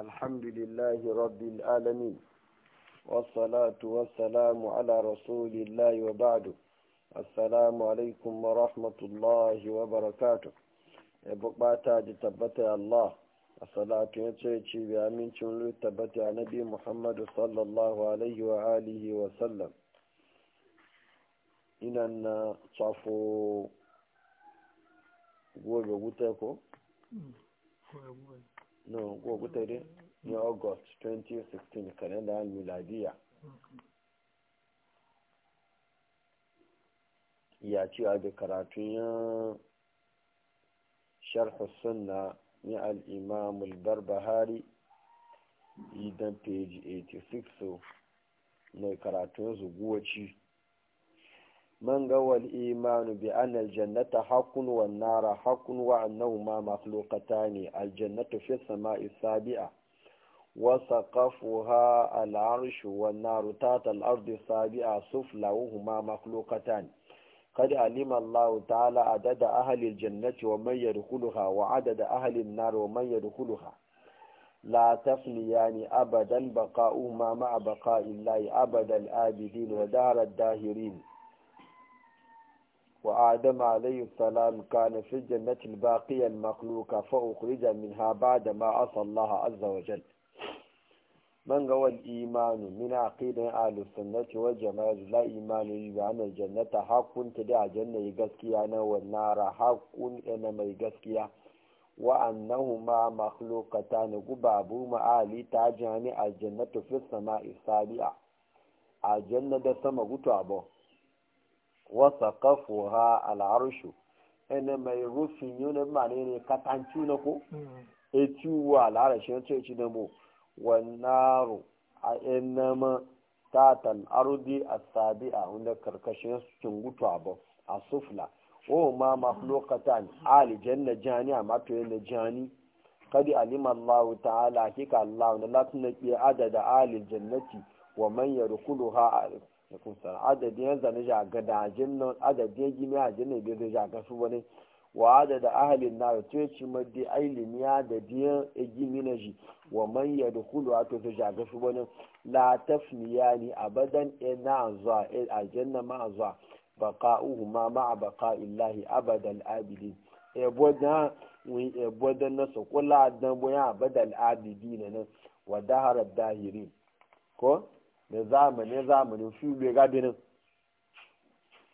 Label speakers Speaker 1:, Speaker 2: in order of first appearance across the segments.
Speaker 1: الحمد لله رب العالمين والصلاة والسلام على رسول الله وبعد السلام عليكم ورحمة الله وبركاته بقباتا جتبت الله الصلاة يتشيشي بأمين شنلو تبت نبي محمد صلى الله عليه وآله وسلم إننا صفو gobe wuta ko? no ko gutare ni august 2016 kalenda miladiya ya ci a da karatun ya sharhu sunna ni al-imam al-barbahari idan page 86 so mai karatun zuguwaci man ga wal imanu bi anna aljannata haqqun wan nara haqqun wa annahuma makhluqatani aljannatu fi samai sabi'a wa saqafuha al'arshu wan naru tata al-ardi sabi'a sufla wa huma makhluqatani قد علم الله تعالى عدد أهل الجنة ومن يدخلها وعدد أهل النار ومن يدخلها لا تفنيان أبدا بقاؤهما مع بقاء الله أبد الآبدين ودار الداهرين آدم عليه السلام كان في الجنة الباقية المخلوقة فأخرج منها بعد ما عصى الله عز وجل من هو الإيمان من عقيدة أهل السنة والجماعة لا إيمان بأن الجنة حق تدع جنة يقسكيانا والنار حق إنما يقسكيا وأنهما مخلوقتان قبابو مآلي تاجعني الجنة في السماء السابعة الجنة ده سما قطعبه wasa al'arushu al'arshu ene mai rufin yunan mani ne katanci na ku? ko mm. etiwa al'arashin ci na mu wannaru a enama tatan arudi a sabi'a wanda karkashin sun gutu abu a sufla o ma mahlukatan na jani a matoyin na jani kadi alima Allah ta'ala hakika Allah na latin na adada alijannati wa man yarkuluha da kusa adadin yanzu na jaga da ajin nan adadin gini ajin nan bai ja jaga su wani wa adada ahalin na da tuyaci maddi ailin ya da biyan egimi na ji wa man ya da kulu a to ja jaga su wani la tafniya ni abadan e na zuwa e aljanna ma zuwa uhu ma a baka'illahi abadan abidin ebo da wi ebo da na sokula dan boya abadan na nan wa daharar dahirin ko da zamanin zamanin shi bai gabe nan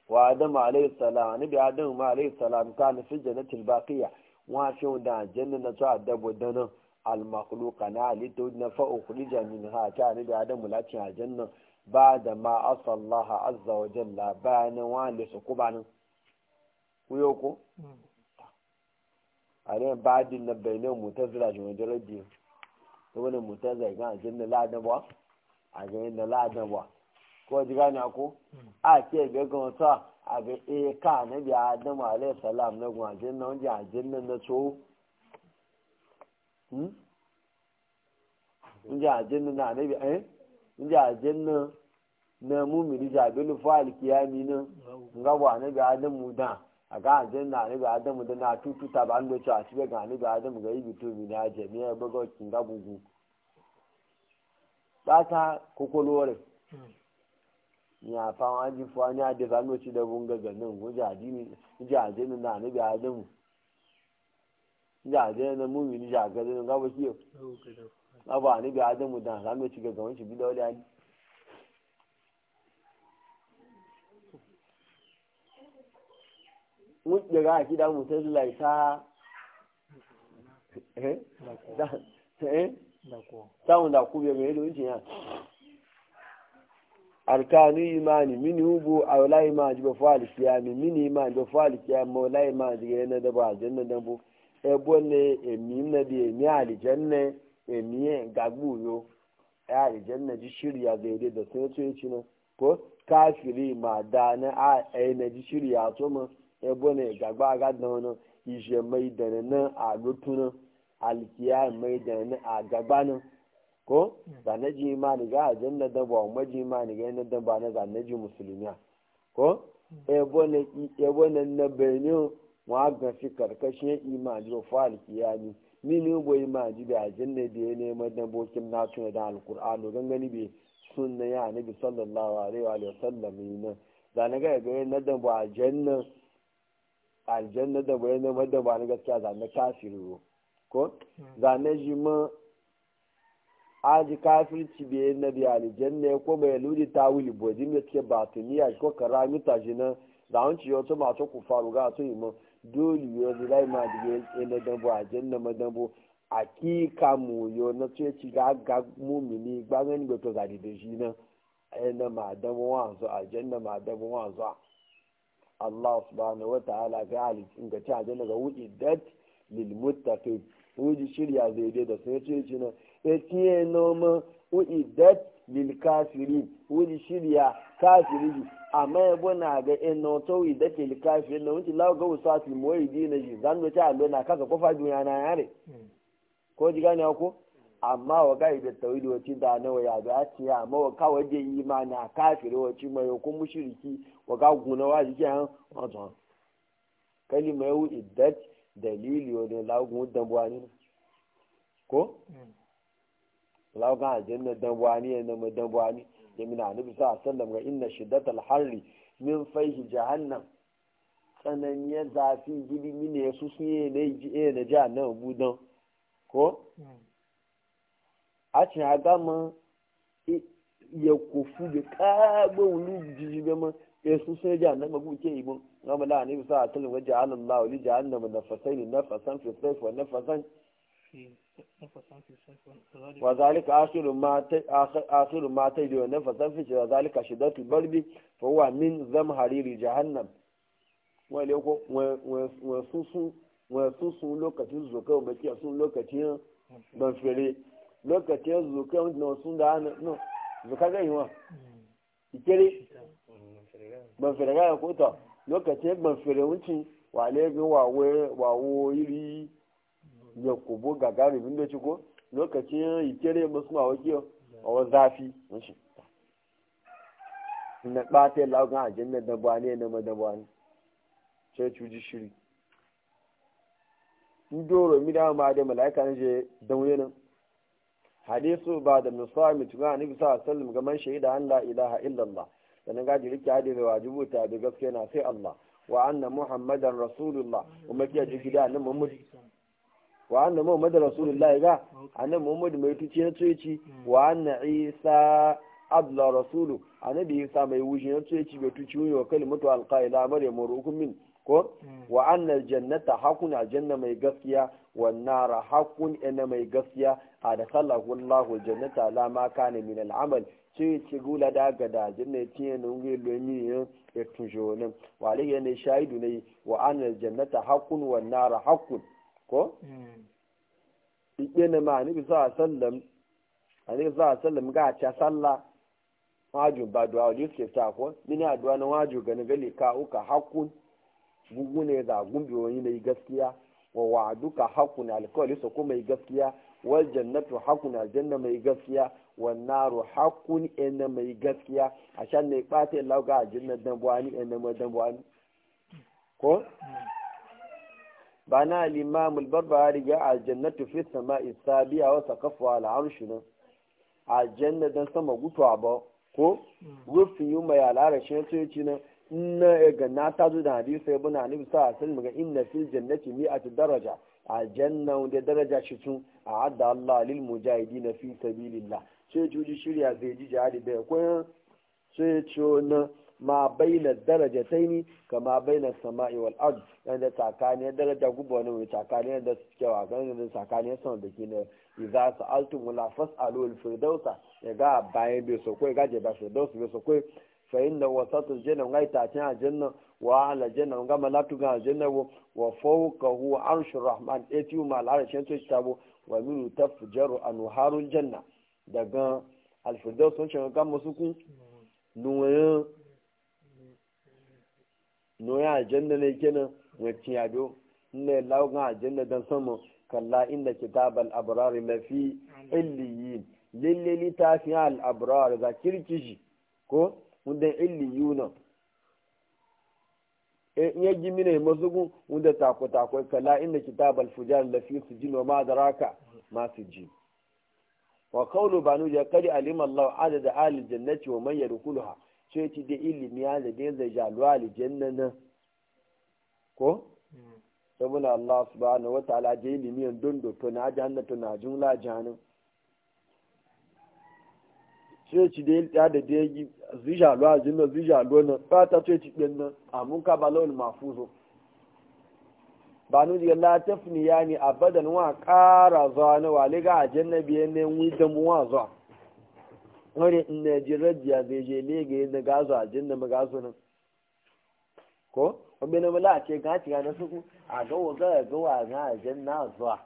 Speaker 1: wa adam alayhi salam ni bi adam ma alayhi salam kana fi jannatil baqiya wa fi da jannan ta adabo danan al makhluqa na alitu na fa ukhrija ha ta ni bi adam lati jannan ba da ma asallaha azza wa jalla bayanin wa li su kubanin kuyo ko a ne ba hmm. din na bayanin mutazila jimajen radiyo ta wani mutazila ga jannan ladan ba a ga yi da ladan ba ko ji gane hmm. a a ga eh, ka na bi adamu alayhi salam na gwajin na hmm? wani na so in ji na nabi eh in ji na mumini na bi adamu da a ga na nabi na tututa ba a ga bata kokolorin hmm. ya fama aji fuwa ni ade za no ci da bunga ganin guji adini ji ajeni na ni bi ajemu ji ajeni na mu ni ja ga ni ga ba kiyo na ba ni bi ajemu da za no ci ga gawan ci bi da wani ali mun da ga ki hmm. eh? da mu sai laita eh eh táwọn dàkú bẹ̀rẹ̀ yẹn ló ń jìyàn arkanu imani mini ugbo a walayi ma ji bafu mini imani bafu alikiyami ma walayi ma ji na dabo aljanna dabo ebo ne na bi emi alijanna emi na ko kafiri ma na a na ji shirya to ma na alkiya mai da ni a gabanin ko ba hmm. na ji imani ga ajin na daba wa maji imani ga yana daba na za na ji musulmiya ko hmm. ebo na na benin wa ga fi karkashin imani ko fa alkiya ni mini bo imani da ajin na da ya nema da bokin na tuna da alkur'anu gangani be sunna ya annabi sallallahu alaihi wa sallam ina da na ga ga yana daba ajin na aljanna da bayan da madaba na gaskiya za kafiru ko hmm. zane shi ma aji kafirci bai na biya aljanna ko mai ludi ta wuli boji mai ke batuniya ko karamita shi nan da an ciyo to masu ku faru ga su ma dole yo zai ma dige ina dambo na ma dambo akika mu yo na ce ci ga ga mumini gbagan ga to zadi da shi nan ina ma dambo wanzu aljanna ma dambo wanzu Allah subhanahu wa ta'ala ga aljanna ga wuɗi dat lil muttaqin wuji shirya zai da sun ce ci nan ya e tiye noma uidat lil kafirin shirya kafiri amma ya e bana ga in e na to uidat lil kafirin na wuce lawa ga usati moyi dina zan wuce allo na kaka kofa duniya na yare ko ji gane ko amma wa ga ibe tawili wace da na waya da a ce amma wa kawai je imani a kafiri wace mai hukun mushriki wa ga guna wa jike uidat dalili wani lagun dambuwani
Speaker 2: ko? Hmm.
Speaker 1: lagun aljanna dambuwani ya nama dambuwani ya mina anabi sa sallam ga inna shiddatal harri min faihi jahannam tsananiyar zafi gidi mine ya susu ne na ja na jahannam budan ko? Hmm. a cin haga ma ya kofu da kagbe wulu jijibema ya susu ne jahannam abu ke ibon gama la ne bisa a tulun a alallahu li jahannam nafasai ne nafasan fi wa nafasan wa zalika akhiru ma akhiru ma ta wa nafasan fi wa zalika shidatul barbi fa min zamhariri jahannam wale ko wa lokacin wa sun lokacin ban fere lokacin da ana no zuka ikere ban fere ga ko lokacin ban fere wa ne ga wawo iri ya kubo gagarumin da ci ko lokacin ikere musu ma wakil a wani zafi wuce na ɓata lagun ajiyar dabuwa ne na madabuwa ne sai cuji shiri ndoro mi da ma da malaika ne je daune nan hadisu ba da musa mutuna ne bisa sallam ga man shaida an la ilaha illallah sannan gaji rike hadi da wajibu ta da gaske na sai Allah wa anna muhammadan rasulullah kuma kiya ji gida nan muhammad wa anna muhammadan rasulullah ga annabi muhammad mai tuce na tuci wa anna isa abla rasulu annabi isa mai wuce na tuci bai tuci wa kalimatu alqaila maryamu rukum min ko wa anna jannata hakun aljanna mai gaskiya wa nara hakun ina mai gaskiya adkhalahu allah jannata la ma kana min al'amal yi ce gula da gada jinna tiye na ngi lomi ya ya e tujo ne wa alayya ne shaidu ne wa anal jannata hakun wa nara hakun ko hmm. ike ma ni bisa sallam ani bisa sallam ga ta salla waju ba du'a wali suke ta ko ni addu'a na waju ga gali ka uka hakun gugu ne da gumbi wani ne gaskiya wa wa'aduka haqqun alkawli so kuma gaskiya wal jannatu hakun aljanna mai gaskiya wannaru hakun ina mai gaskiya a shan ne ɓata lauga a jinnan dambuwani ina mai dambuwani ko ba na limamul barbari ya aljannatu fi sama'i sabiya wa saqafu ala ne? nan aljanna dan sama gutuwa ba ko rufin yuma ya lara shi ce ci nan inna ga na ta zo da hadisi buna hanif sa sun ga inna fil jannati mi'atu daraja A aljanna wanda daraja shi tun a'adda Allah lil na fi sabilillah sai cuji shirya zai ji jihadi bai kwayan sai ciyo na ma bayyana daraja ta taini ka ma bayyana sama'i wal ard yadda tsakaniyar daraja guba wani mai tsakaniyar da suke wa ganin da tsakaniyar sama da ke na iza su altun wala fas'alu al firdausa ya ga bayan bai so kai gaje ba firdausa bai so kai fa inna wasatu janna ngai tafiya a aljanna wa ala janna gama latu ga aljanna wa fau ka fawqahu arshur rahman etiyu mal tuwa to tabo wa min a nuharun janna daga alfidar sun shiga kan masuku nuwayen noya ajanda ne kenan wacce yado ne ya laugan ajanda don sama kalla inda kitabal abrari mafi illiyin lalle littafin al'abrar za kirkishi ko wundan illiyuna in e, ya gimi ne mazugun wunda takwatakwai kalla inda kitab fujar lafi su ji noma da raka masu ji wa kaunu banu ya kari alim Allah adada ahli jannati wa man yadkhuluha sai ti da ilimi ya da dai zai jalu ahli jannana ko saboda Allah subhanahu wa ta'ala je ilimi yan dondo to na jannatu na jumla jahanna sai ti da ya da dai zai jalu ahli jannana zai jalu na fata sai ti din nan amun ka balawul mafuzo ba nu diga la tafni yani abadan wa qara zana wa liga ajanna biye ne wi da mu wa za ngare ne jirajiya zai je le ga da gazo ajanna ma gazo nan ko obe na mala ce ga ci ga na suku a ga wa ga ga wa e na ajanna zuwa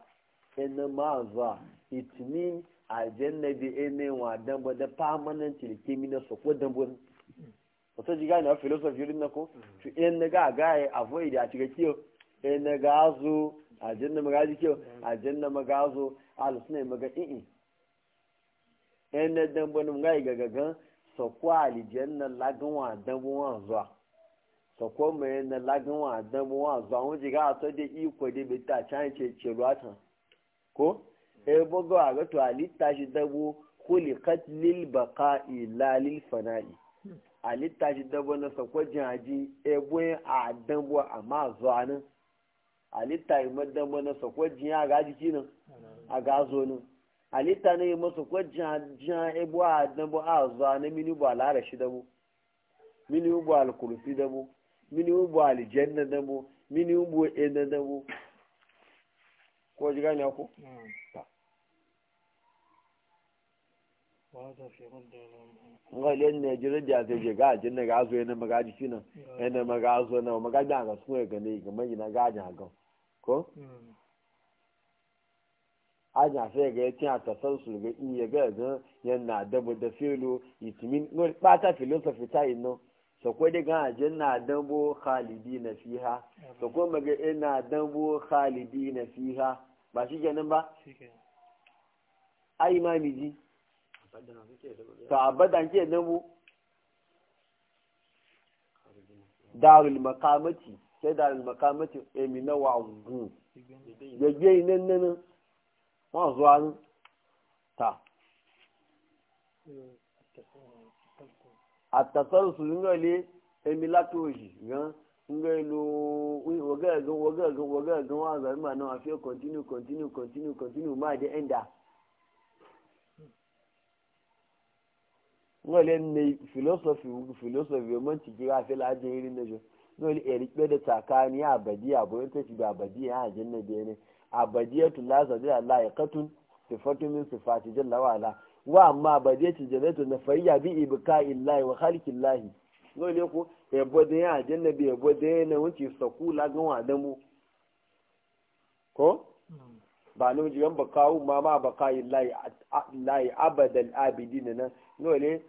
Speaker 1: in ma zuwa it mean ajanna bi ene wa dan ba da permanent tilkimi na su ko dan bon wata jiga na philosophy yurin na ko to mm. in e na ga ga avoid a cikin kiyo Eh, na gazo a jinna magaji kyau a jinna magazo a lusuna maga i'i yan eh, na dambo ga ga gagagan sako alijen na lagin dan wa zuwa sako mai na lagin wa wa zuwa wọn ji ga to da iko da bai ta can ce ce ruwatan ko e eh, bogo a ga to alitta shi dambo khuliqat lil baqa'i la lil fana'i alitta shi dambo na sako jaji e boye a dambo amma zuwa nan halitta yi madan mana sakwa jiya a gaji kina a gazo nan halitta na yi masa kwa jiya ebo a dambo a zuwa na mini bu alara shi dabo mini bu alkurfi dabo mini bu aljanna mu mini bu ena dabo ko ji gani ako ngalin ne jirin da zai je ga jin na gazo yana magaji kina yana magazo na magaji a ga sun ga ne ga mai na ga a gawo ko hmm. aja fe ga ti atasan su ga iya ga ga yana dabo da filo itimin no filosofi philosophy ta ino dị ko de na janna dabo khalidina fiha so ko maga khalidi na khalidina fiha ba shi kenan ba ayi imami ji to abadan ke dabo darul makamati sai da makamati emina wa gu gbegbe inan nan wọn zuwa nan ta eh, atasar su ngale emila toji gan ngelo waga gan waga gan waga gan wa za ma na afi continue continue continue continue ma de enda ngale ne philosophy philosophy ma ti gira fe la de ri nejo dole ya rike da tsakani abadi abu ta shi ba abadi ya janna biye ne abadiyatu la sabila la yaqatun sifatu min sifati jalla wa ala wa amma abadiyatu na fayya bi ibka illahi wa khalqillahi noli ko ya bode ya janna biye bode na wuce sakula lagan wa damu ko ba ni wuce yan kawo ma ma baka illahi abadal na nan dole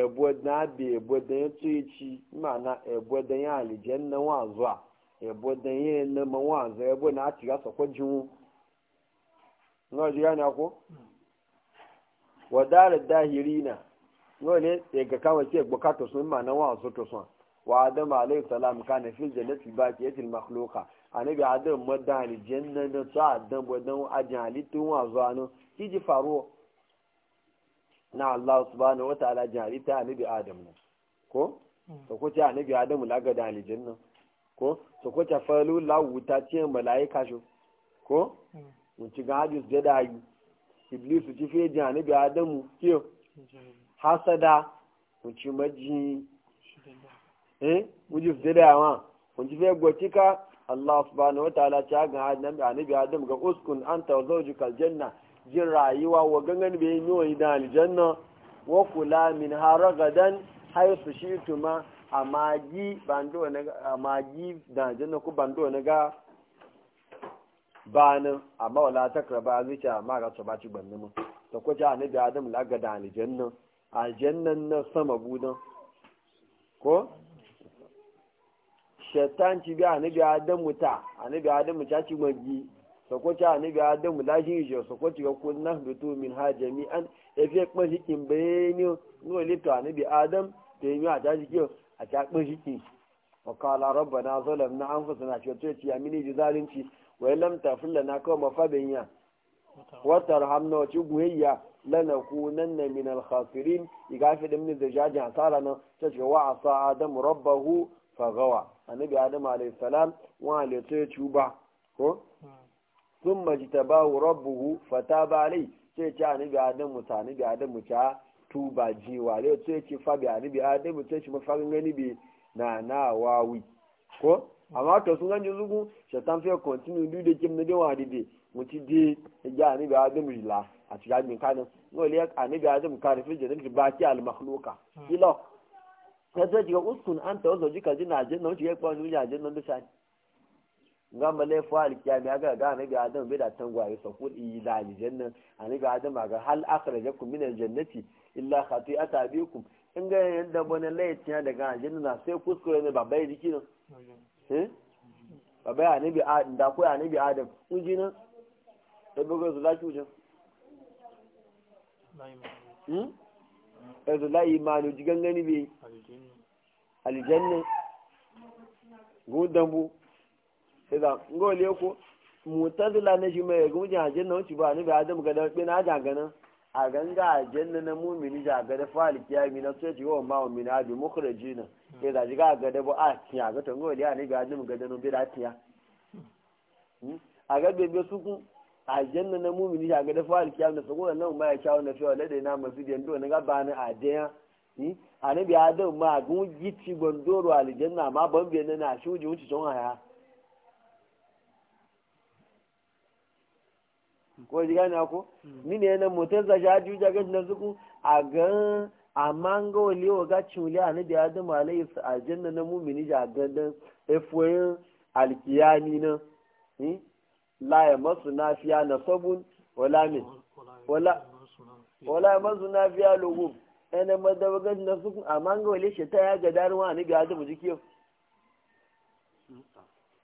Speaker 1: ebwe na bi ebwe da ya tsoyici mana ebwe da ya alijen na wazuwa ebwe da ya na mawaza ebwe na ati ya sakwa jinwu nga na gane ko wadara dahirina nga ne ya ga kawai ke bukatar sun ma na wazu to sun wa adam alayhi salam kana fil jannati baqiyati al makhluqa anabi adam madan alijen na na sa adam wadan ajali tun wazuwa iji kiji faruwa na Allah subhanahu wa ta'ala jari ta annabi Adam nan ko hmm. to ko ta annabi Adam la ga da alijin ko to ko ta falu la wuta ce malaika shi ko hmm. mun ci ga hadis da dai iblis ci fe ji annabi Adam kiyo hasada mun ci maji eh mun ji da dawa mun ci fe gotika Allah subhanahu wa ta'ala ta ga annabi Adam ga uskun anta wa zawjuka janna jin rayuwa wa gangan bai yi yi da aljanna wa kula min hara gadan haifu shi tuma a magi da aljanna ku bando na ga banin amma wala takra a zai a amma ga ba ci gbanni mu da ku a nabi adam la ga da aljanna Aljanna na sama budan ko shaitan ci bi nabi adam a nabi adam ta ci magi sokoci annabi adamu lashi jo sokoci ga kun nahbitu min ha jami'an e fi kuma shikin bayani no lito annabi adam ta yi a tashi kiyo a ta kuma shikin na qala rabbana zalamna anfusana ce to ci amini ji zalunci wa lam tafil lana kaw mafabinya wa tarhamna wa tuguyya e lanakunanna min al-khasirin igafi da min da jaji asara nan ta ce wa asa adamu rabbahu fagawa annabi adam alayhi salam wa alayhi tuba ko hmm. sun majitabahu rabbuhu fataba alai sai ce anabi adamu ta anabi adamu ta tuba jiwa ne sai ce fabi anabi adamu sai ce mafarin gani bi na na wawi ko amma to sun ganje zugu shaitan fiye continue duk da kim na dai wani dai mutu dai ya anabi adamu la a cikin ajin kanin no le anabi adamu ka rufe jannati baki al makhluqa ilo kaza jiga uskun anta wazo jika jina janna wuce ya kwa nuna janna da shani nga male fa mi aga ga ne ga adam bai da tangwaye sa ku yi da aljanna ani ga adam aga hal akhrajakum min aljannati illa khati'ata bikum in ga yanda bane laitiya daga aljanna sai kuskure ne babba yi dikin eh babba ya nabi adam da ko ya nabi adam kun ji nan da bugo su laki ujin hmm eh da lai imanu jigan gani bi aljanna gudan idan ngo le ko mutazila na shi mai gumjin aljanna wuce ba ni ba adam ga dan bin aja ganin a ganga aljanna na mumini ja ga da fali kiyami na sai ji wa ma wa min abi mukhrajina sai da ji ga ga da ba a tiya ga to ngo le ni ba adam ga dan bi da tiya hmm? a ga bebe su ku aljanna na mumini ja ga da fali kiyami na sako nan ma ya shawo na fiwa da na masjidin do na ga ba ni adaya hmm? anabi adam ma gun gici gondoro aljanna ma ban bi na na shuji wuce ton haya ko ji gane ko hmm. ne na motar za ja juja ga na zuku a gan amma an ga wali wa ga wale a nabi adam alayhi aljanna na mumini ja dan efoyin alkiyani na hmm? la ya masu nafiya na sabun wala min wala masu na masu nafiya logo yana madawa ga na zuku amma an ga wale shi ta ya ga ni ga adamu jiki jikiyar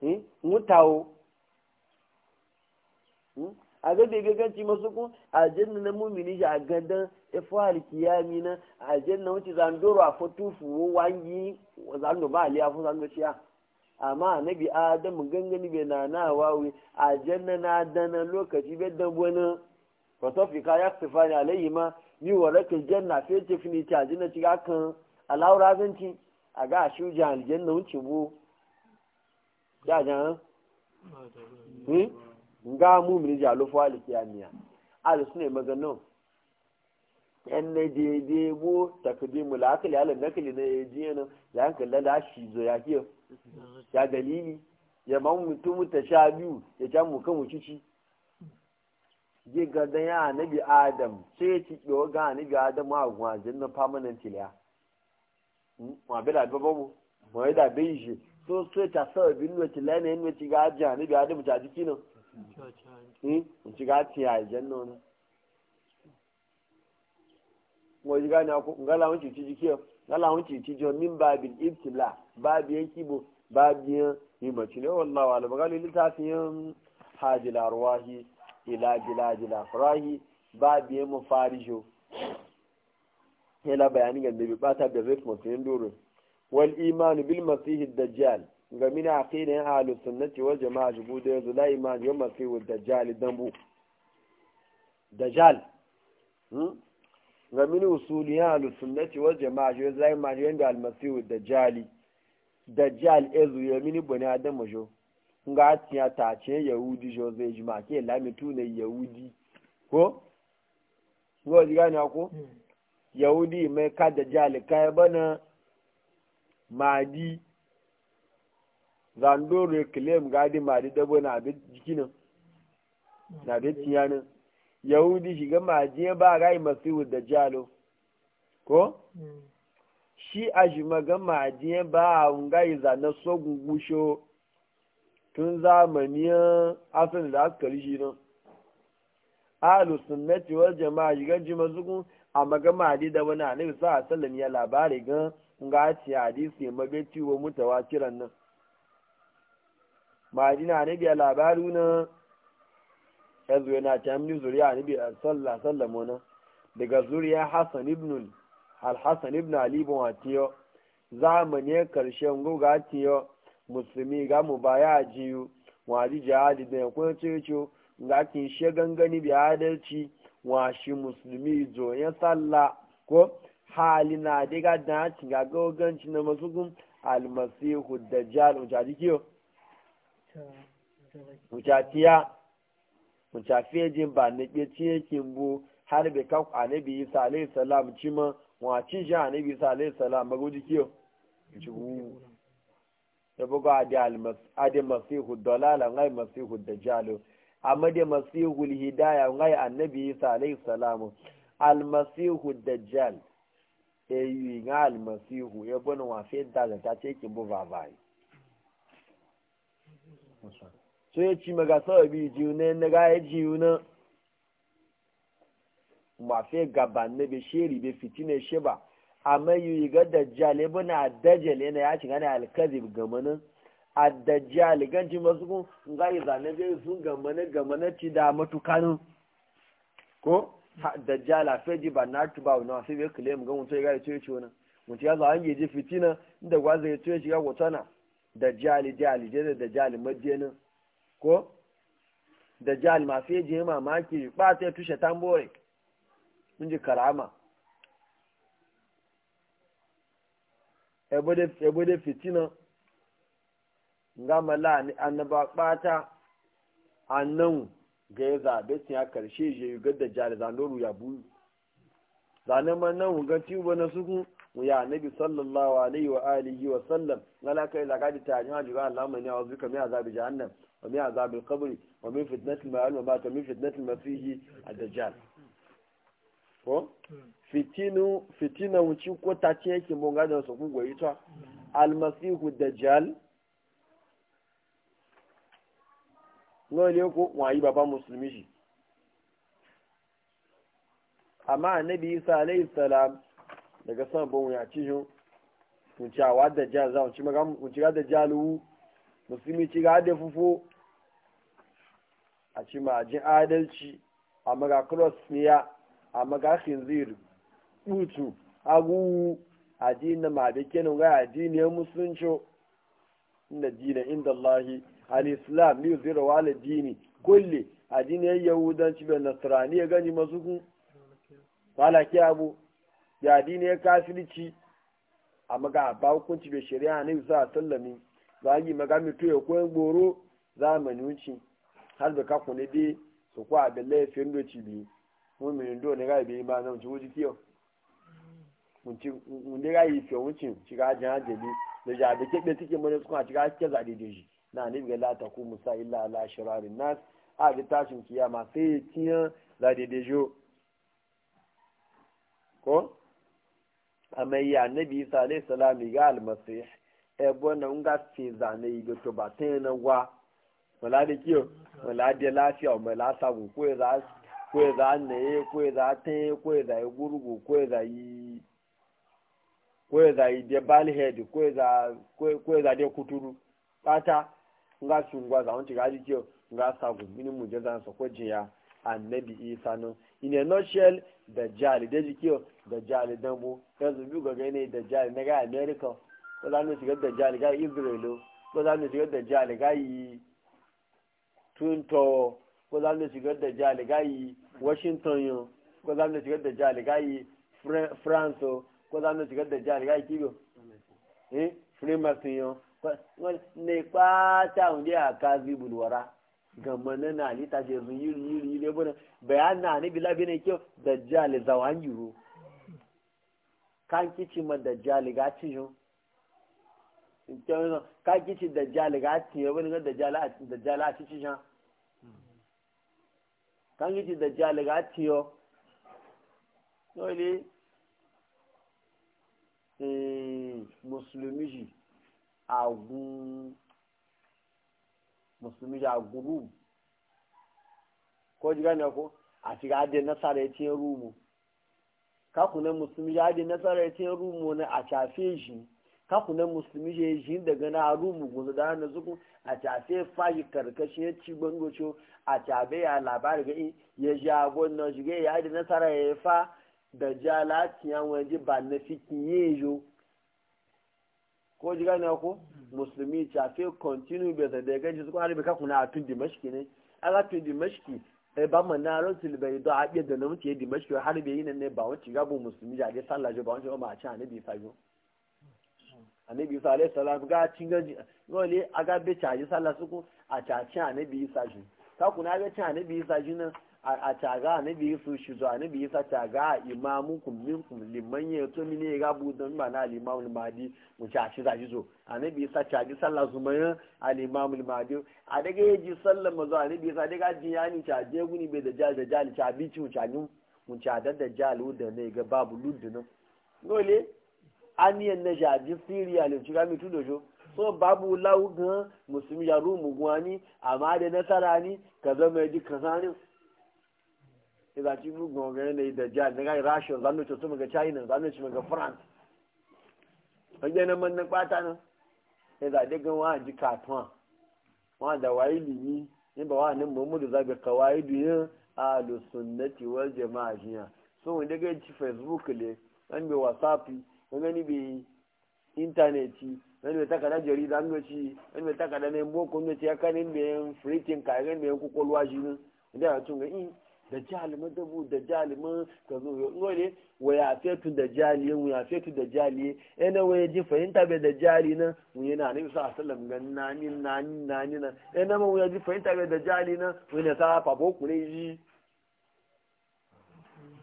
Speaker 1: hmm. mutawo a ga bai gaganci masu kun aljanna na mumini ji a gandan ifar kiyami na aljanna wuce zandoro a fatufu wangi zandu ba aliya fu zanu ciya amma annabi adam gangani bai na na wawe aljanna na dana lokaci bai da wani fasafika ya sifani alayhi ma ni warakil janna sai tafini ta aljanna ci kan alawra zanci a ga shuja aljanna wuce bu da jan eh? hmm? nga mu mini ja lo fali kiyamiya ala sune magano yan na daidai mu takdimu la akali ala nakali na yaji na ya hankali da shi zo ya kiyo ya dalili ya ma man mutum ta sha biyu ya ja mu kan wucici ji ga da ya anabi adam sai ci do ga anabi adam a gwajin na permanent ya ma hmm, bi da babu mu ma da bai shi so so ta sa bin wacce lana yin ti ga ajiyar anabi adam ta jiki nan Hmm? nci ga ci a ijen nonu wọ́n yí gánà kó nga làwọn tìtì jì kíọ nga làwọn tìtì jọ mí baabi ibtila baabi yẹn kíbo baabi yẹn ìmọ̀tì ci wọ́n làwọn alùpàgàlù ilé tá a fi ruwahi ila jilajila farahi baabi yẹn mo farijo yẹn la bayani gan bèbè bàtà bẹ̀rẹ̀ fún ọ̀sẹ̀ ń dòrò wọ́n imanu bil masihi dajjal. ga mina aqidan ahlus sunnati wal jamaa jubu da yanzu la iman yawma fi dajjal dambu dajjal hmm ga mini usuli ya ahlus sunnati wal jamaa jubu la iman yanda al masih dajjali dajjal ezu ya mini bani adam jo nga tiya ta ce yahudi jo zai jima ke tu ne yahudi ko ngo diga na ko hmm. yahudi mai ka dajjal kai bana madi zandoro ya claim gadi mari dabo na abin jikinan na abin tiyanin yahudi shiga maji ba gai masihu da jalo ko hmm. shi a shi maga majiya ba a ngai zane so gugusho tun zamaniyar asin da aka shi nan alu sunnati wal jama'a shiga jima zugun a maga madi da wani annabi sa sallam ya labari gan ga ci hadisi magaci wa kiran nan ma dina ne biya labaru na ya zuwa na tamni zuriya ne biya sallah sallah wani daga zuriya hassan ibn al-hassan ibn ali bin watiyo zamani karshen goga tiyo musulmi ga mu baya jiyu ji jihadi da yankun ceco ga kin she gangani biya adalci wa shi musulmi zoyen sallah ko hali na daga da ci ga gogancin na masukun almasihu dajjal ujadi kiyo mucaciya mucafiye jin ba na ƙeci yake bu har bai kan anabi isa alayhi salam ci ma wace shi anabi isa alayhi salam ba guji kiyo ci hu da buga adi masihu dalala ngai masihu dajjalo amma da masihu hidaya ngai annabi isa alayhi salam almasihu dajjal eyi nga almasihu ya bana wafe da ta ce kin bu babai so ya ci maga sawa bi jiyu ne na ga ya jiyu na mafi gaba na shiri sheri fiti fitine shi ba mayu yi ga dajjali bu na dajjali na ya ci alkazi gama gamanin a gan ganci masu kun ga yi zane bai sun gama na ci da matukanu ko dajjali a feji ba na tuba wani wasu bai kule mu ga mutu ya ga ya ce wani mutu ya zo an yi ji fitina inda gwazo ya ce ya shiga wata na da jali jere da jali ko da jali masu yaje mamaki ba ta tushe tambore sun ji karama ebo da fitina nga mala ni annaba bata annan ga ya zaɓe sun ya karshe je yugar da jali zandoro ya buyu zanen nan ga tiwo na sukun ya nabi sallallahu alaihi wa alihi wa sallam wala kai zaka da tani wa jiga Allah mai nawa zuka mai azabi jahannam wa mai azabi qabri wa min fitnati al-ma'al wa ma min fitnati al-masihi ad-dajjal ko fitinu fitina wuci ko ta ce yake mun ga da su ku goyi ta al-masihu dajjal no le ko wayi baba musulmi shi amma annabi isa alayhi salam daga san bon ya ci jun mu ci awa da ja za mun ci maga mu ci ga da jalu musulmi ci ga da fufu a ci ma jin adalci a maga cross niya a maga khinzir utu agu addini ma da kenan ga addini ya musulunci inda dina inda Allahi al-islam li zira wal dini kulli addini yahudanci da nasrani ya gani masu kun wala kiyabu ya ne ya kafirci a ga ba hukunci bai shari'a ne sa sallami za yi maga mutu ya koyan goro zamani wuce har da kakwa ne dai su kwa abin laifin doci biyu mumminin do ne ga ibe ba na wuce wuce kiyo mun ga gaibe fiye wuce shiga ajiyar jabi da jabi kebe suke take mana suka a cikin haske zaɗe da shi na ne ga lata ko musa illa ala shirarin nas a ga tashin kiyama sai ya kiyan zaɗe da ko amaya nabi isa alayhi salam ga almasih e bona unga fi zane ga to ba tin na wa wala de kiyo wala da lafiya wala bu ko za ko za ne ko za te ko za e gurugu ko za yi ko za yi de head ko za ko za de kuturu pata nga sungwa za on ti ga kiyo nga sabu mini mu je zan so ko jiya annabi isa no in a nutshell da jali da jikiyo da jali dambu yanzu biyu ga gane da jali na ga america ko za mu shigar da jali ga israel ko za mu shigar da jali ga yi tunto ko za mu shigar da jali ga yi washington yo ko za mu shigar da jali ga yi france ko za mu shigar da jali ga yi kibo eh freemason yo ne pa ta unde akazi bulwara gama na na alita je zun yiri yiri yiri bana bayan na ni bila bene kyau da jali zawan yuro kan kici ma da jali ga ci yo kan kici da jali ga ci yo bane da jali da jali a ci shan jan kan kici da jali ga ci yo dole eh musulmi ji agun musulmi ya guru ko ji gane ko a shiga adin nasara ya ce rumu kakunan musulmi ya adin nasara ya ce rumu na a cafe shi kakunan musulmi ya yi daga na rumu gunzu da hannun zuku a cafe fashi karkashin ya ci bangoco a cafe ya labari ga ya ja gwanna ga ya adin nasara ya fa da ja latiyan waje ba na fikin yi yo ko ji gane ko musulmi cafe continue bai zai daga jisu kuma arabi kakuna a tun dimashki ne ala tun dimashki e ba ma na ran silbai da a biya da na wuce dimashki har bai yi nan ne ba wancan gabo musulmi ja dai sallah ba wancan ba a ci anabi isa yau anabi isa alayhi salam ga cin gaji wale a ga bai caji sallah suku a caci anabi isa shi kakuna ga cin anabi isa shi nan a caga ne bi su shi zuwa ne bi sa caga imamu kun liman ya to mini ga gabu don ba na alimamu limadi mu ca shi za shi zo a ne bi sa caga sallah su mayan alimamu limadi a daga ya ji sallah mazu a na biyu sa daga ji ya ni ca je guni be da jali da jali bi ci mu ca ni mu ca da da jali da ne ga babu luddunan dole yi na jaji siriya ne ci mi tudo jo so babu lawu gan musulmi ya rumu gwani amma da nasara ni ka zama ya ji kasanin za ci gugun ga yanayi da jihar na gai rashin zanen su maga china zanen maga muga france wajen nan man na kwata nan ya za dai gan wa ji katon wa da wayi limi ne ba wa nan muhammadu ka kawai duyin a da sunnati wal jama'a jiya so wanda ga ci facebook le an bi whatsapp wani gani bi internet wani bai takada jarida an gaci wani bai takada na yin boko ne ya kanin da yin freaking kayan da yin kwakwalwa shi ne da ya tun ga in da jaliman dabu da jaliman ka zo ne wa ya fetu da jaliye mu ya fetu da jaliye ina waya ji fahimta bai da jali na mu yana nabi sa sallam gan nani nani nani na ina mu ya ji fahimta bai da jali na mu ne sa fa bo kure ji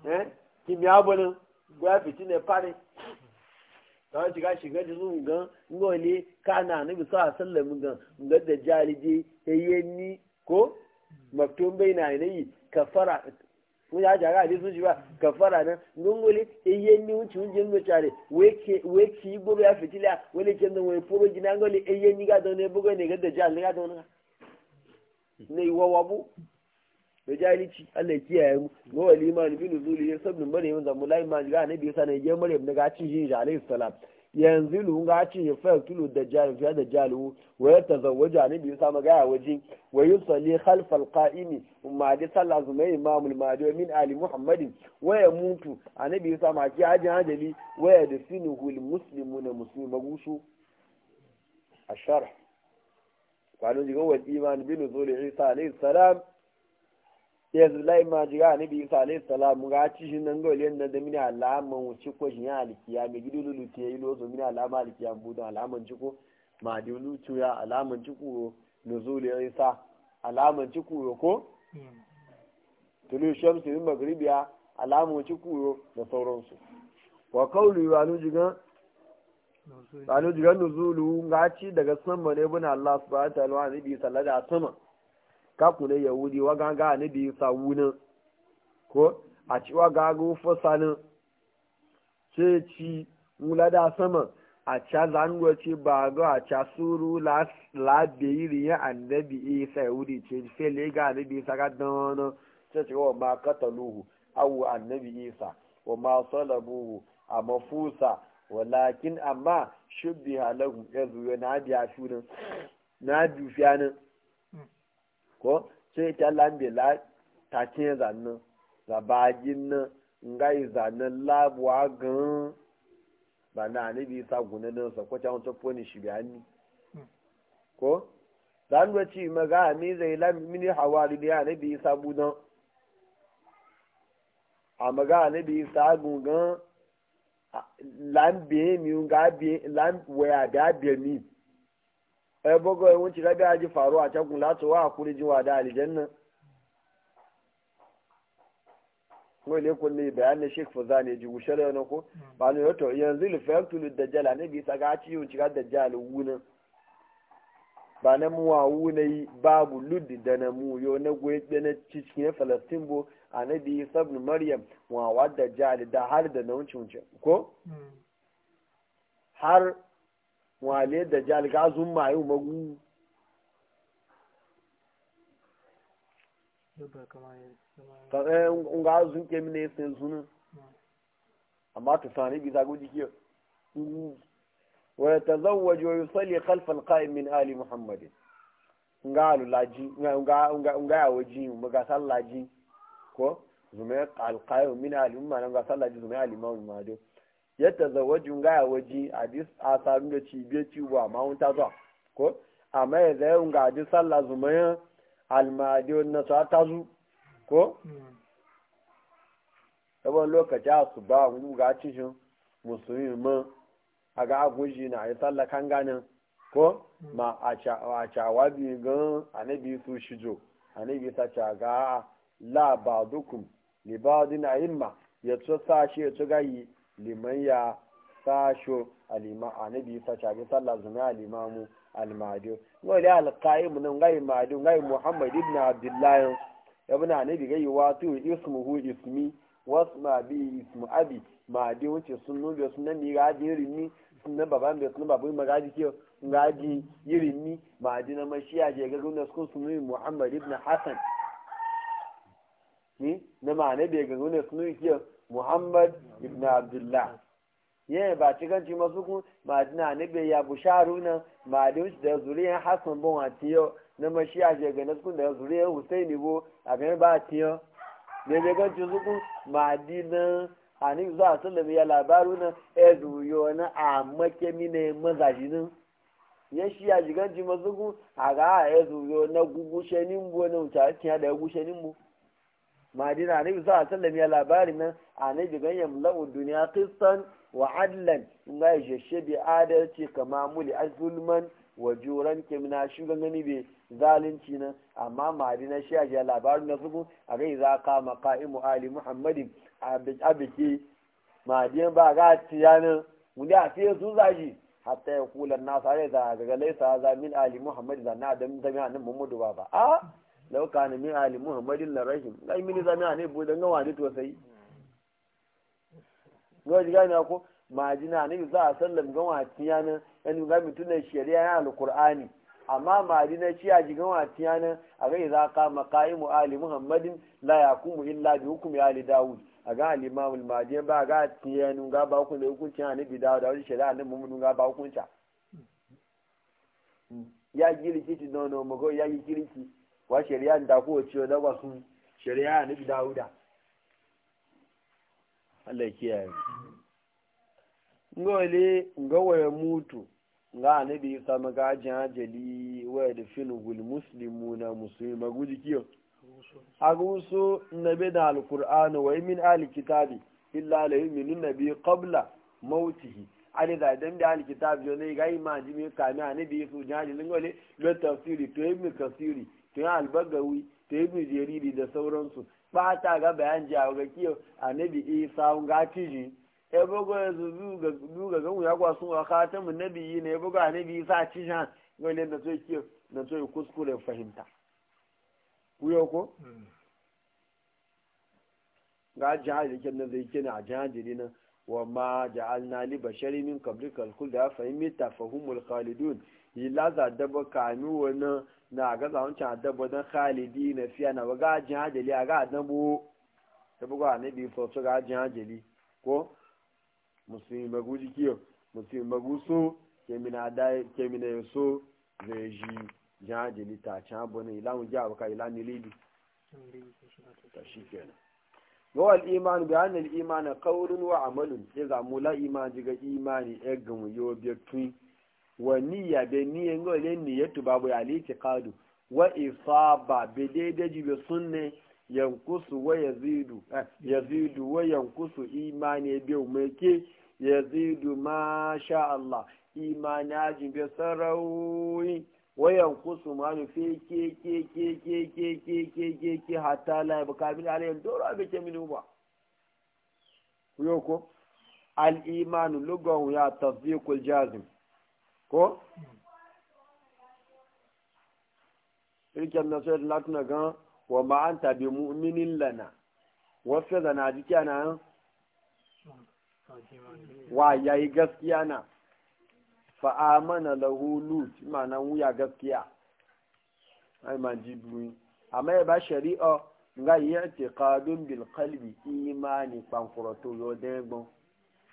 Speaker 1: eh ki mi abona gwa fiti ne pare ta ji ga shiga ji zuwa gan ngole kana nabi sa sallam gan ga da jali je yayi ni ko maktun bai na yi kafara mun ya jara ali sun jiba kafara nan ngongole iye ni unchi unje ngo chare weke yi gobe ya fitila ke nan we poro gina ngole iye ni ga don bugo ne ga da ja ni ga don ne iwo wabu be jali ci Allah kiyaye mu go wali iman bin zuli ya sabbin bare mun zamu la iman ga ne bi yi je maryam daga ci ji alayhi salam yanzu lu ga ci ya fa tulu da jali ya da jalu wa ya tazawwaja ne bi sa magaya waje wa yusalli khalf al qa'imi umma di sallah zumai imamul mahdi min ali muhammadin wa ya mutu annabi sa ma ki ajin ajali wa ya hul dasinuhu magusu a muslima gushu الشرح قالوا جوا bin بنزول عيسى عليه salam ya zulai ma jira ni bi isa alayhi salam ga ci shi nan gole nan da mini alaman wuce ko shi ya alkiya mai gidi lulu te yi lozo mini alama alkiya budan alaman ko ma di lutu ya alaman ciko nuzul isa alaman ci ko tulu shamsu min magribiya alaman ko da sauransu wa kauli wa nu jiga ba nu jiga nuzulu ga ci daga sama ne buna Allah subhanahu wa ta'ala ni bi sallada sama kakune yahudi waganga anabi isa wuna ko a ci wagaga ufosa nan ce ci wula da sama a ca zango ci ba ga a ca suru labiri ya annabi isa yahudi ce sai lega anabi isa ga dana ce ci wa ma kataluhu awu annabi isa wa ma salabuhu a mafusa walakin amma shubbi halagun ya zuwa na biya shunan na biyu fiyanin ko sai ta lambe la ta ce zannan zabagin nan ngai zannan labuwa gan ba na bi sa gune nan sa kwacha wata foni shi bayani ko zan da ci maga mi zai lam mini hawari da bi sa budan a maga anabi sa gungan lambe mi ga bi lam waya da bi mi ai bugo yawon ci rabi aji faru a can kula to wa kuri jiwa da alijanna. kuma ne kun ne shek fuza ne ji wushar yau na ko ba ne yato yanzu lufiyar tulu ne bisa ga ci ci dajjal wuna ba na muwa wuna yi babu ludi da na mu na goyi na cikin falastin bo a na maryam sabin maryam wawa dajjal da har da na wuce wuce ko har wale da jali mayu zun ma yi magu eh, nga zun ke mine sin sunan amma ta sani bi zago jiki wa ta yatazawwaj wa yusalli kalfan ka'in min ali muhammadin nga alulaji nga nga nga ji waji mu ga sallaji ko zumaya alqa'im min ali umma nga sallaji zumaya alimamu madu yadda zawajin gaya waje a sami da cibiyar ciwo a mawunta zuwa ko amma ya zai ga a sallah zumayen almadi wannan su ta zu ko lokaci a su ba wani ga cikin musulmi ma a ga agushi na a yi sallah kan ganin ko ma a cawa biyu gan anabi su shijo anabi ta caga la ba dukun libadin a yimma ya tso sashe ya tso gayi liman ya sasho alima anabi sa shabi sallah zuma alimamu almadu wani alqaim nan gai madu gai muhammad ibn abdullah ibn anabi gai watu ismuhu ismi wasma bi ismu abi madu wace sunnu nubi sun ni gadi rinni sun baban bai sun babu magadi ke gaji yirinni madu na mashiya je ga gunas kun sun muhammad ibn hasan ni hmm? na ma anabi ga gunas sun nubi muhammad ibn abdullah yẹn bá ti kan ti ma dina màdínà níbi ya busharu na màdínà da zuriya hasan bọ́n Atiyo na ma shi ashe ga nasu da zuriya hussein bo a ga ba Atiyo. Ne ne kan ti dina ani àní zuwa sallama ya labaru na ẹzù e yọ na àmọ́kẹ́mi na mazaji na yẹn shi ashe kan ti mọ sókún àgá ẹzù e yọ na gugushe gúgúṣẹ́ nímbo na òtà tiẹ̀ da gugushe gúgúṣẹ́ nímbo. madina annabi sallallahu alaihi wasallam ya labarin nan annabi ga yamla'u duniya qistan wa adlan ga yashe bi adalci kama muli azulman wa juran kimna shugabanni be zalunci nan amma madina shi ya labarin na suku a ga za ka maqaimu ali muhammadin abike madina ba ga tiyanan mun da sai su zaji hatta ya kula nasa ya za ga laisa za min ali muhammad za na da mun zama nan muhammadu baba a ah! lauka na min ali muhammadin na rahim ga mini zami a ne bu dan gawa ne to sai ga ji gani ko majina ne za a sallam gawa tiyana yan ga mutun shari'a ya alqur'ani amma majina ci a jigan wa tiyana a ga za ka maqaimu ali muhammadin la yakumu illa bi hukmi ali daud a ga al-imam al-mahdi ba ga tiyanu ga ba ku da hukunci ne bi daud da shari'a ne mun ga ba hukunta ya girki ti nono mago ya yi girki wa shari'a da ko ciwo da ba su shari'a ni dauda Allah kiyaye ngole ngowe mutu nga anabi isa magajin ajali waya da finugul gul na muslima guji kiyo agusu nabi da alquran wa min ali illa la yuminu nabi qabla mautihi ali da dan da ali yo ne ga imani me kame bi su jaji ngole be tafsiri to ibn tafsiri tun albagawi ta ibnu jariri da sauransu ba ta ga bayan jawo ga a annabi isa ga tiji ya bugo yanzu ga duga ga ya kata mu nabi yi ne e bugo annabi isa tijan gole da to kiyo so to kuskure fahimta yau ko hmm. ga jihar ken nan zai kina a jihar jiri na wa ma ja'alna li bashari min qablika al-khuld fa imita fahumul khalidun yi laza daba kami wannan na ga zawancin adabba don khalidi na fiya na waga ajin hajjali a ga adabbo ta bugu a nabi sosu ga ajin hajjali ko musulmi magu jikiyo musulmi magu so kemina ya so zai ji jin hajjali ta can abu ne ilahun ji abu ka ilan lidi ta shi kenan wa al-iman bi anna al-iman qawlun wa amalun sai ga mula iman diga imani e gamu yo bi tun wa niyya be niyya ngo le niyyatu babu ya kadu wa isaba be daidai jibe sunne yankusu wa yazidu eh, yazidu wa yankusu imani be umeke yazidu ma sha Allah imani ajin be sarawi wa yankusu ma ni fe ke ke ke ke ke ke ke ke ke hatta la ba kamil alayhi dora bi ke minu ba yoko al imanu lugawu ya tasdiqul jazim ko irken na sai latina gan wa ma'anta bi mu'minin lana wasu da na jiki ana yan wa yayi gaskiya na fa'amana lahu lut ma'ana wuya gaskiya ai ma ji buyi amma ya ba shari'a nga yi i'tiqadun bil qalbi imani pankurato yo dengbon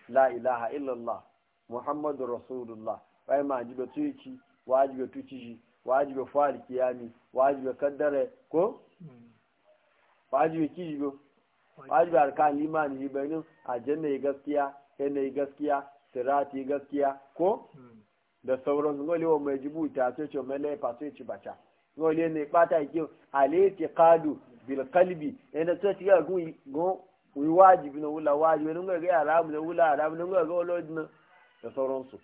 Speaker 1: la ilaha illallah Muhammadu rasulullah wai ma ji ga tuci wa ji ga tuci wa ji ga kiyami wa ji kaddare ko wa ji ga kiji go wa ji arkan imani ji bayanin yi gaskiya yana yi gaskiya sirati yi gaskiya ko hmm. da sauran ngole wa mai jibuta sai ce mai laifa sai ci bacha ngole ne bata yi alaiti kadu bil kalbi, yana to ci ga gun go wajibi na wula wajibi ne ga ya rabu na wula rabu ne ga ga olodin da sauransu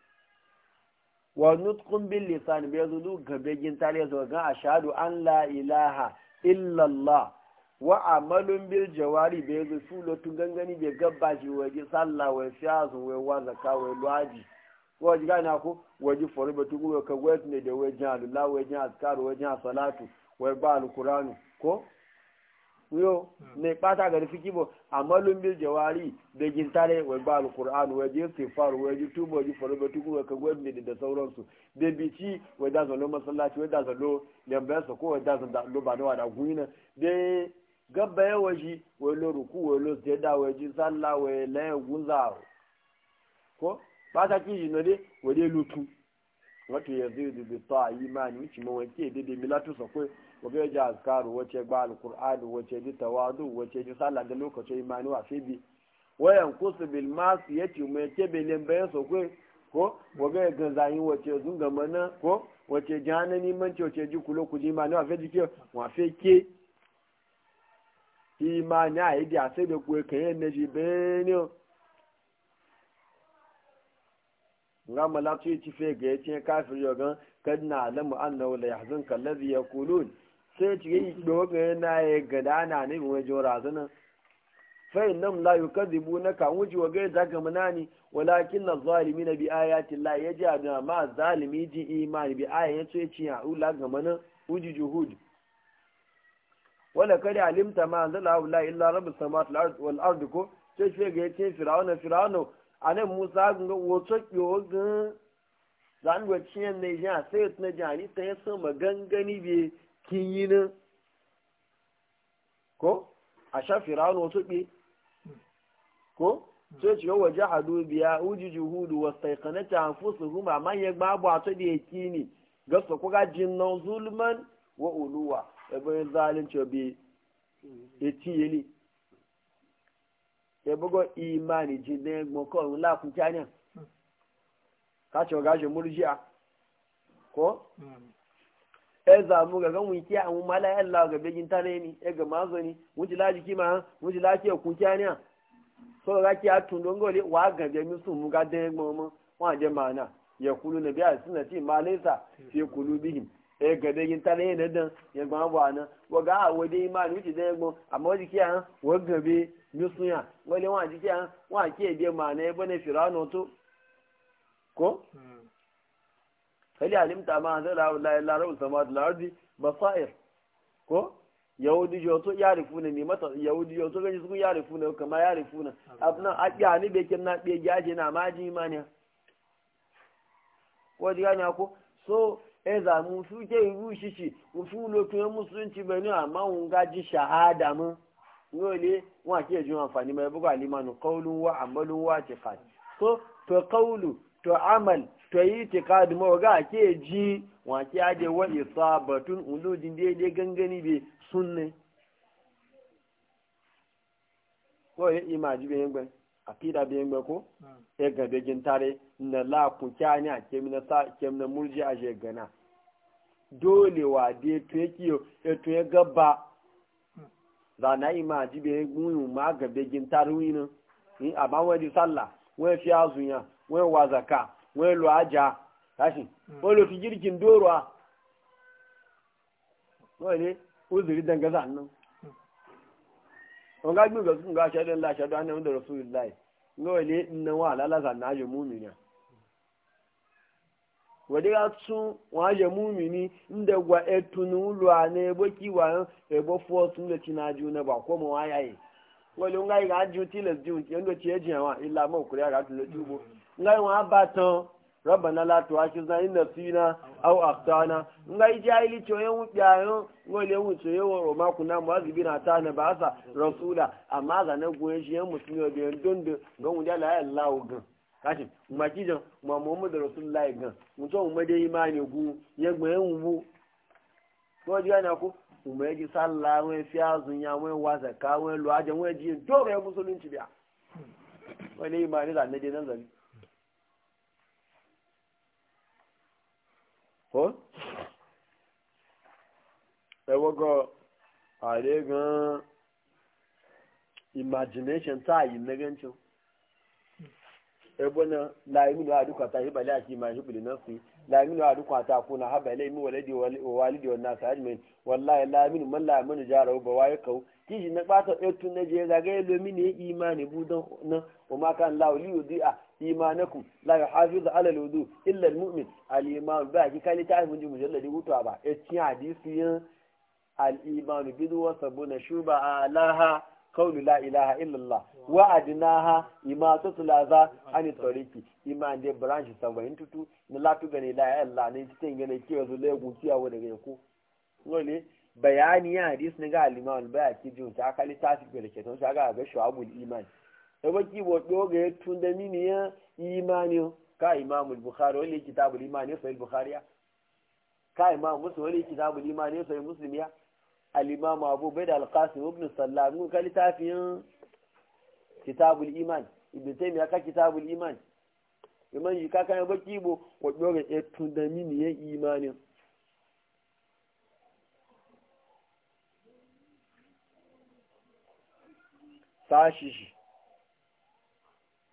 Speaker 1: wa nutqun bil lisan bai zudu gabegin tare zuwa ga ashhadu an la ilaha illallah wa amalun bil jawari bai su fulo tun gangani bai gabba shi waje sallah wa fiyazu wa wa zakka wa luaji wa ji gana ko waje fori batu ko ka wet ne da waje alula waje azkar waje salatu wa ba alquranu ko yo hmm. ne kpata gari fiki bo amma lumbil jawari da gintare wai ba alqur'an wai je sifar wai je tubo wai faru ba tuku wai kagwai ne da sauransu da bici wai da zalo masallaci wai da zalo lambayar sa ko wai da lo ba da wada de gabba ya waji wai lo ruku wai lo da wai ji sallah wai laye gunza ko pata ki ji no de wai de lutu wato yanzu da ta imani mi ci mawake de da milatu ko wabe ji azkaru wace ba alkur'ani wace ji tawadu wace ji sallah da lokacin imani wa fibi wayan kusu bil masu ya ce mai ke belin bayan so kwe ko wabe ga zayin wace ga mana ko wace janani man ce wace ji kulo ku ji imani wa fi ke wa fe ke imani a yi da sai da kuwa kayan na ji benin nga malatu ci fe ga yace kafir yo gan kadna alamu annahu la yahzunka alladhi yaqulun sai ci yi dogon na ya gada na ne wajen razunan fa'in nan la zibu na kan wuce wa gai zaka ne walakin na zalimi na bi ayati la ya ji abin ma zalimi ji imani bi ayan ya ce ci ya ula ga manan uji juhud wala kada alimta ma zala wula illa rabu samawati wal ardi ko ce ce ga firawuna firawuna a nan musa ga wato yo ga zan wa ciyan ne ja tuna jani ta sama gangani biye. kinyi na. ko a shafi rano tuɓe ko sai ci yawon jihadu biya uji juhudu wasu taikanata an fusu huma manyan babu a tuɗe ya ki ne gasa kuka jinnan zulman wa uluwa ebe zalunci bi ya ci yi ne imani jinnan gbọkọ̀ ńlá kúkẹ́ ní kacin gashin murjiya ko mm. e mu ga gan wiki a mu mala yalla ga begin tare ni e ga mazo ni wuji laji kima wuji laji ku kyani so ga ki atun don gole wa ga be mi su mu ga de mo wa mana ya kulu na biya suna ti malaisa fi kulu e ga begin tare ne dan ya gba wa na wa ga wa de de amma ki an wa ga mi su ya wale wa ji ki mana e kali alimta ma an zara la ilaha illa sama da lardi basair ko yahudi joto yarifuna ne mata yahudi joto gani sun yarifuna kama yarifuna abna akiya ni be kin na be gaje na maji mani ko diga ni ko so e za ke iru shishi mu fu lo tun e musulunci be ni amma un gaji shahada mu ngole wa ke jun amfani mai buga limanu qawlun wa amalun so to amal to yi itikadi ma ga ke ji wa ke ade wa isabatun ulujin daidai gangani be sunne ko ya imaji be yin akida be yin ko hmm. e ga be jin tare na la ku kyani a ke mina sa murji a je gana dole wa de to yake e to ya gaba hmm. za na imaji be yin mu ma ga be jin tare wi ni amma wani sallah wani fi azunya wai wa zaka wai lo aja tashi wai lo girkin dorwa wai ne uzuri dangaza nan wọn ga gbígbà tún ga aṣẹ́dọ̀ ńlá aṣẹ́dọ̀ á ní ọdún rẹ̀ fún wọn náà yẹ ni wọ́n tún wọn ni lọ ẹgbẹ́ kí wà ẹgbẹ́ tún lè ti náà ju ní kọ́ wọn yìí wọ́n ngai wa batan rabbana la tu'akhizna in nasina aw akhtana ngai jahili choye wujayo ngole wuchoye woro makuna muazibina atana basa rasula amma ga na goye shi yan musulmi da dondo don wuja la Allah gan kashi makijan ma muhammadu rasulullahi gan mutum umade imani gu yegbe enwu ko ji ana ko ume ji sallah wen fi azun ya wen wa zakka wen lo aje wen ji dore musulunci biya wani imani da ne je nan zali ko ewogo are gan imagination ta yi na gancin ebe na laiminu a duka ta yi bala ake ma shi bili nafi laiminu a ta kuna haɓa ilai mi walidi wa walidi wa nasa hajjimin wallahi laiminu man laiminu jara ba waye kawo kishi na ɓata ɗautu na je zagaye lomini ya imani na wa imanakum la yuhafizu ala alwudu illa almu'min aliman ba ki kali ta mun ji mujalladi hutu ba e tin hadisi yin aliman bidu wa sabuna shuba alaha qawlu la ilaha illa allah wa adnaha imatu laza an tariqi iman de branch 72 na latu gane la ilaha ne tin gane ki wazo le gutiya wa daga ko wani bayani ya hadisi ne ga aliman ba ki ji ta kali ta fi gele ke don ga ga shu'abul iman ebe kibo doge tun da mini ya imani ka imamu bukhari wani kitabu imani sai bukhari ka imamu muslim wani kitabu imani sai muslim ya al-imamu abu bayd al-qasim ibn sallam ka kali tafiyin al iman ibn taymiya ka kitabu iman iman yi ka kan baki bo ko doge tun da mini ya imani sashi shi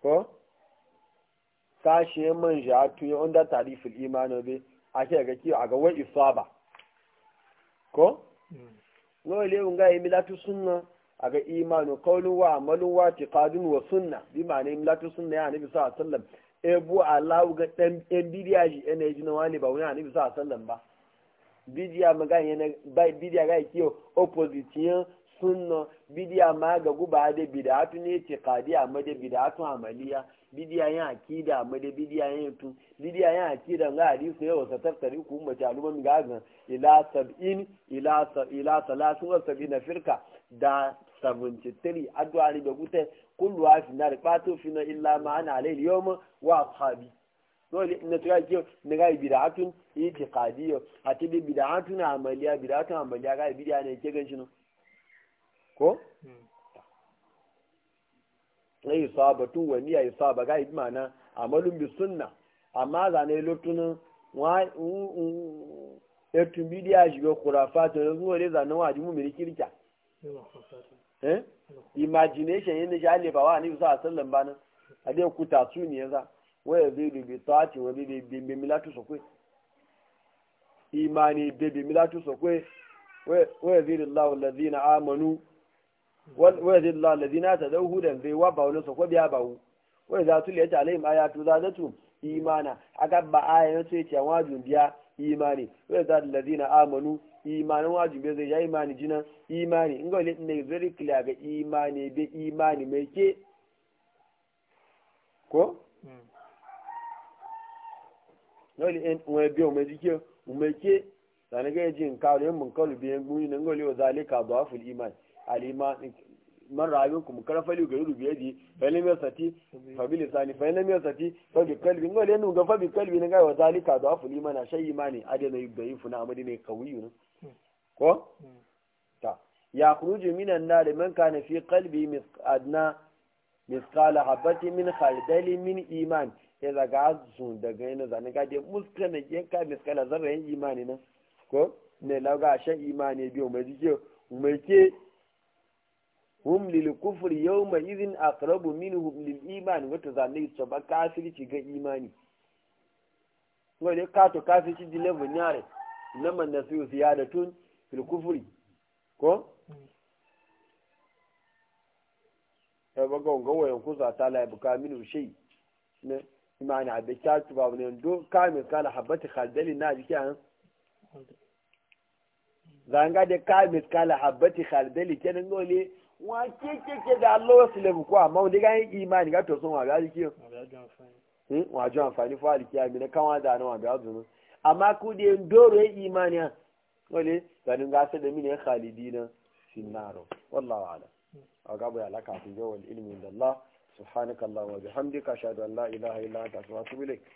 Speaker 1: ko sashe man ja under onda tarifin imanu a ke ga a ga wa isaba ko hmm. wani lewin ga yi milatu sunna a ga imanu wa amalin wa tiqadun wa sunna bi ma'ana milatu sunna ya nabi sa sallam ebu alawu ga dan yan bidiya ji ene ji na wani ba wani anabi sallam ba bidiya yana bidiya ga kiyo sunno bidiya ma ga guba da bid'atu ne kadi a da bid'atu amaliya bidiya yin akida a da bidiya yin tu bidiya yin akida ga hadisi yau sa tattari ku mace taluma ga ga ila sab'in ila salasun wasu wa na firka da 73 addu'a ne da gute kullu fina da fatu fina illa ma ana alayhi yawma wa ashabi dole na tura ke na ga bid'atun itiqadiyya ati bid'atun amaliya bid'atun amaliya ga bidiya ne ke ganshi no ko na isabatu wa niya isaba ga yi mana amalun bi sunna amma ga ne lotun wa etun bidiya shi ga kurafa to yanzu wale zanen wa ji mu mai kirka eh imagination yin da ale ba wa ne sa sallan ba nan a dai ku tasu ne yanzu waya zai dubi tati wa bi bi bi milatu kwe. imani bi bi milatu sokwe waya zai lillahi allazina amanu ويزيد الله الذين اهتدوا هدى ذي وبا ولسوا وبيا باو وإذا تليت عليهم آيات زادتهم إيمانا أكبر آية تيتي واجب بها imani wai za da lazina amanu imanin wajibi zai ya imani jina imani in ga ne ga imani be imani mai ke sani ga jin kawo yin mun kalu biyan gumi nan gole wa zalika da iman alima man rayuwar kuma karfali ga yudu biyadi fa'ilin mai sati fabili sani fa'ilin mai sati fabi kalbi ngole yanu ga fabi kalbi ne gaya wa zalika da wafil iman a shayi imani adana yi bayin funa amadi ne kawiyu ko ta ya kuruji minan na da man kana fi kalbi adna miskala habati min khaldali min iman ya zaga azun daga yana zane gade muskana yanka miskala zarra yin imani nan ko ne lauga shan imani biyu mai jike mai ke hum lil kufr yawma idhin aqrabu minhum lil iman wato zanne su ba kafirci ga imani wani ka to kafirci di level nyare yare laman nasu ziyadatun fil kufri ko e ta baga wanga wayan za ta la bu ka minu shay ne imani abe ta tuba ne do ka kamin kala habati khaldali na jike an zanga da ka kala habati khaldali kenan gole wa ke ke ke da Allah su lebu ko amma wanda ga imani ga to sun wa ga jiki hmm wa jo amfani fa alkiya mi kan wa da na wa ga zunu amma ku de ndoro imani gole ganin ga sa da ne khalidina sinaro wallahu a'lam aga ya laka fi yawal ilmi da Allah subhanakallahumma wa bihamdika ashhadu an la ilaha illa anta astaghfiruka